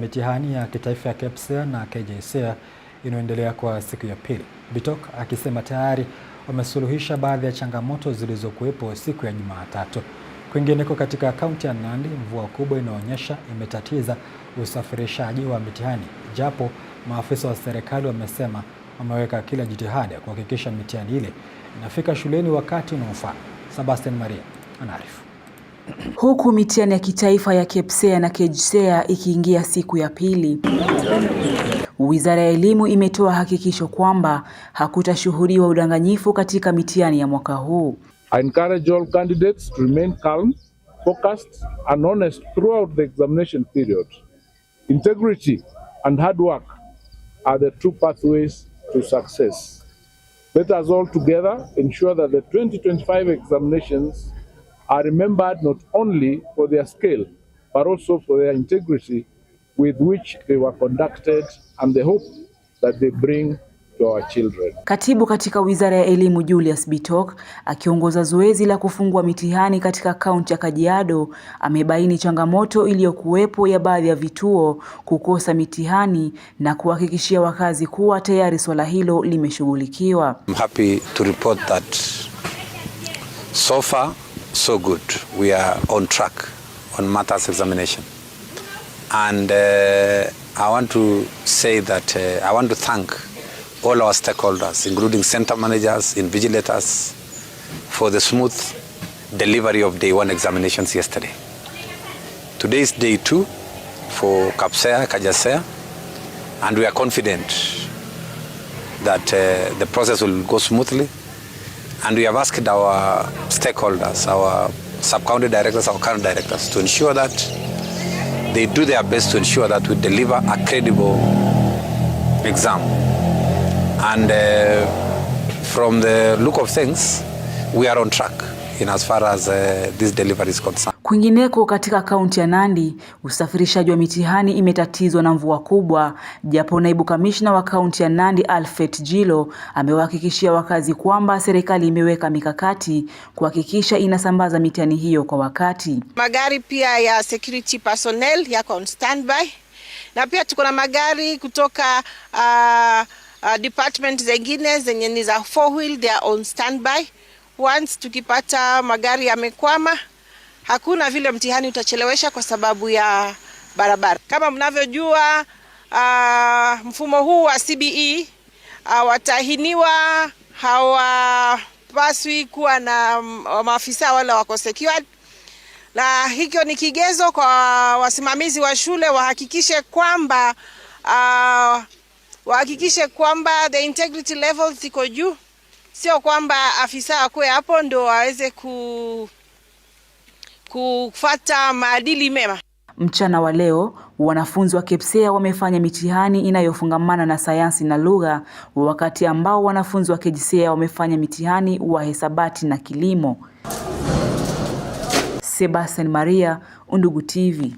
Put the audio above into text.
Mitihani ya kitaifa ya KPSEA na KJSEA inayoendelea kwa siku ya pili. Bitok akisema tayari wamesuluhisha baadhi ya changamoto zilizokuwepo siku ya Jumatatu. Kwingineko katika kaunti ya Nandi, mvua kubwa inaonyesha imetatiza usafirishaji wa mitihani, japo maafisa wa serikali wamesema wameweka kila jitihada kuhakikisha mitihani ile inafika shuleni wakati unaofaa. Sebastian Maria anaarifu huku mitihani ya kitaifa ya KPSEA na KJSEA ikiingia siku ya pili. Wizara ya Elimu imetoa hakikisho kwamba hakutashuhudiwa udanganyifu katika mitihani ya mwaka huu. I encourage all candidates to remain calm, focused and honest throughout the examination period. Integrity and hard work are the two pathways to success. Let us all together ensure that the 2025 examinations are remembered not only for their skill but also for their integrity with which they were conducted and the hope that they bring to our children. Katibu katika Wizara ya Elimu Julius Bitok akiongoza zoezi la kufungua mitihani katika kaunti ya Kajiado amebaini changamoto iliyokuwepo ya baadhi ya vituo kukosa mitihani na kuhakikishia wakazi kuwa tayari swala hilo limeshughulikiwa. I'm happy to report that so far so good. We are on track on matters examination. And uh, I want to say that uh, I want to thank all our stakeholders, including center managers, invigilators, for the smooth delivery of day one examinations yesterday. Today is day two for CAPSEA, KAJASEA, and we are confident that uh, the process will go smoothly and we have asked our stakeholders, our sub-county directors, our current directors to ensure that they do their best to ensure that we deliver a credible exam. And uh, from the look of things, we are on track in as far as uh, this delivery is concerned. Kwingineko katika kaunti ya Nandi, usafirishaji wa mitihani imetatizwa na mvua kubwa, japo naibu kamishna wa kaunti ya Nandi Alfred Jilo amewahakikishia wakazi kwamba serikali imeweka mikakati kuhakikisha inasambaza mitihani hiyo kwa wakati. Magari pia ya security personnel yako on standby na pia tuko na magari kutoka uh, uh, department zengine zenye ni za four wheel, they are on standby once tukipata magari yamekwama, hakuna vile mtihani utachelewesha kwa sababu ya barabara. Kama mnavyojua, uh, mfumo huu wa CBE uh, ah, watahiniwa hawapaswi kuwa na mm, maafisa wala wako secured, na hicho ni kigezo kwa wasimamizi wa shule wahakikishe kwamba uh, wahakikishe kwamba the integrity level ziko juu sio kwamba afisa akuwe hapo ndo aweze ku kufata maadili mema. Mchana wa leo wanafunzi wa KPSEA wamefanya mitihani inayofungamana na sayansi na lugha, wakati ambao wanafunzi wa KJSEA wamefanya mitihani wa hesabati na kilimo. Sebastian Maria, Undugu TV.